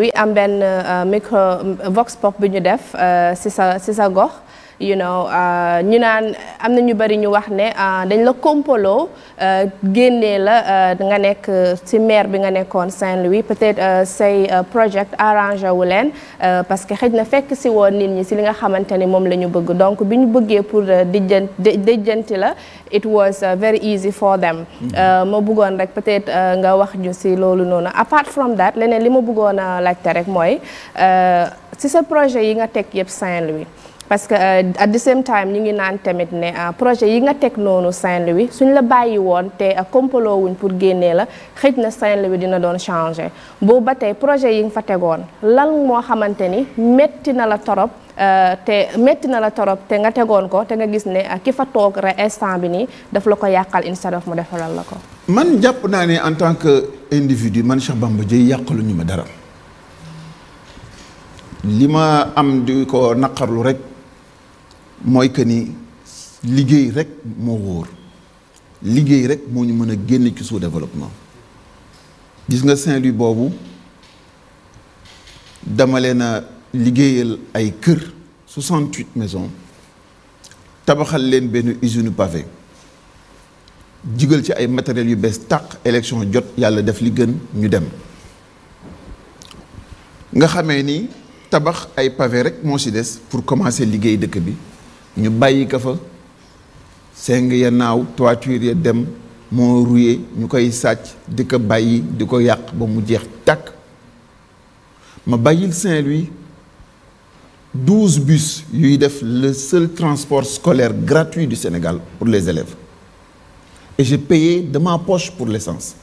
wi am benn euh, micro euh, vox pop bi ñu def euh, si sa si sa gox you know euh, ñu naan am na ñu bari ñu wax ne euh, dañ la kompaloo euh, génnee la nga nekk ci maire bi nga nekkoon Saint-Louis peut-être say project arrangé wu leen parce que xëj na fekk ci woon nit ñi ci li nga xamante ni moom la ñu bëgg donc bi ñu bëggee pour dijjan dijjanti la it was very easy for them mm-hmm. ma bëggoon rek peut-être nga wax ñu ci loolu noonu apart from that leneen li ma bëggoon a laajte rek mooy ci sa projet yi nga teg yëpp Saint-Louis parce que euh, at the same time ñu ngi naan tamit ne euh, projet yi nga teg noonu saint wi suñ la bàyyi woon te kompaloo euh, wuñ pour génnee la xëj na saint wi dina doon changé boobu ba tey projet yi nga fa tegoon lan moo xamante ni métti na la torop te metti na la torop te nga tegoon ko te nga gis ne ki fa toog rek instant bi nii daf la ko yàqal instead of mu defalal la ko. man jàpp naa ne en tant que individu man Cheikh Bamba Dièye yàqalu ñu ma dara li ko naqarlu rek. mooy que ni liggéey rek moo wóor liggéey rek moo ñu mën a génn ci sous-développement gis nga Saint-Louis boobu dama leen liggéeyal ay kër 68 maisons tabaxal leen benn usine pavé jigal ci ay matériels yu bees tàq élection jot yàlla def li gën ñu dem nga xame ni tabax ay pavé rek moo ci des pour commencer liggéey dëkk bi ñu bàyyi ko fa seng ya naaw toiture ya dem moo ruye ñu koy sàcc di ko bàyyi di ko yàq ba mu jeex tàkk ma bàyyil Saint-Louis douze bus yuy def le seul transport scolaire gratuit du Sénégal pour les élèves et j'ai payé de ma poche pour l'essence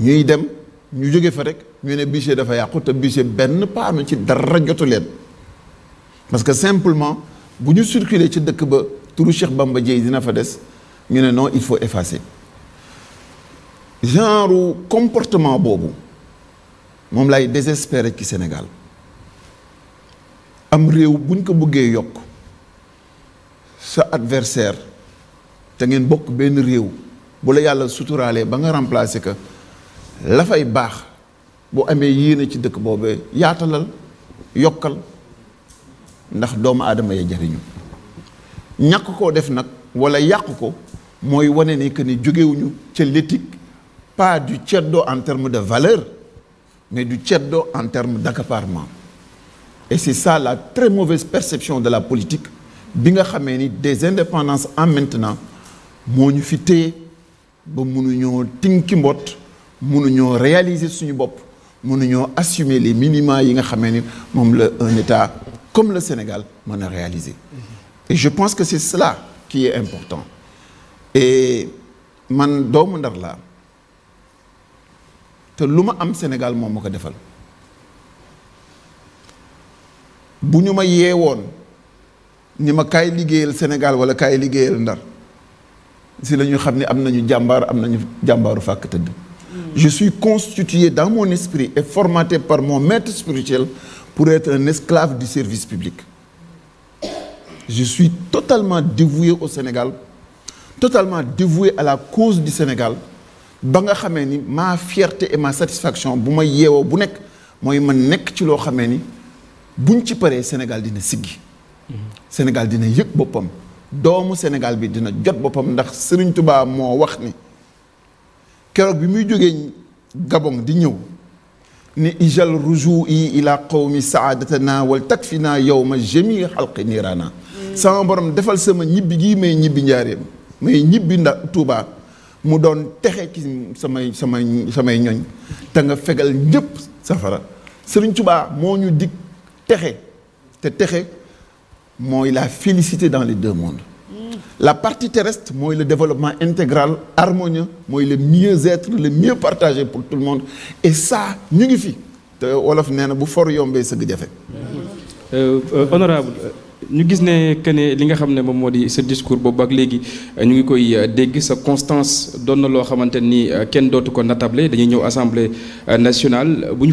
ñuy dem ñu jóge fa rek ñu ne bichet dafa yàqu te bichet benn paanu ci dara jotu leen parce que simplement bu ñu circuler ci dëkk ba turu Cheikh Bamba Dièye dina fa des ñu ne non il faut effacer genre comportement boobu moom lay désespéré ci Sénégal am réew buñ ko buggee yokk sa adversaire te ngeen bokk benn réew bu la yàlla suturaalee ba nga remplacer ko la fay baax bu amee yéene ci dëkk boobu yaatalal yokkal ndax doomu aadama ya jariñu ñàkk koo def nag wala yàqu ko mooy wane ne que ni jógewuñu ca l'éthique pas du ceddo en terme de valeur mais du ceddo en terme d'accaparement et c'est ça la très mauvaise perception de la politique bi nga xamee ni des indépendances en maintenant moo ñu fi te ba mënuñoo tinki mbott mënuñoo réaliser suñu bopp mënuñoo assumer les minima yi nga xamee ni moom la un état comme le Sénégal mën a réaliser. et je pense que c'est cela qui est important et man doomu Ndar laa te lu ma am Sénégal moom ma ko defal bu ñu ma yeewoon ni ma kaay liggéeyal Sénégal wala kaay liggéeyal Ndar si la ñu xam ne am nañu jàmbaar am nañu jàmbaaru fàkk tëdd. je suis constitué dans mon esprit et formaté par mon maître spirituel pour être ne esclave du service public je suis totalement dévoué au Sénégal totalement dévoué à la cause du Sénégal ba nga xamee ni ma fierté et ma satisfaction bu ma yeewoo bu nekk mooy ma nekk ci loo xamee ni buñ ci paree Sénégal dina siggi Sénégal dina yëg boppam doomu Sénégal bi dina jot boppam ndax Serigne Touba moo wax ni keroog bi muy jógee Gabon di ñëw ni ijal rujui ila qawmi saadatana wal yow ma jami xalqi niiraana sama borom defal sama ñibbi gii may ñibbi njaareem may ñibbi ndax Tuubaa mu doon texe ki samay samay samay ñoñ te nga fegal ñëpp safara Sëriñ Tuubaa moo ñu dig texe te texe mooy la félicité dans les deux mondes la partie terrestre mooy le développement intégral harmonieux mooy le mieux-être le mieux partagé pour tout le monde et ça ñu ngi fi te olof nee na bu for yombee sëgg jafe. Euh, euh, honorable euh, ñu gis ne que ne li nga xam ne moom moo di sa discours boobu ak léegi ñu ngi koy dégg sa constance doon na loo xamante ni kenn dootu ko natable dañuy ñëw assemblée nationale bu ñu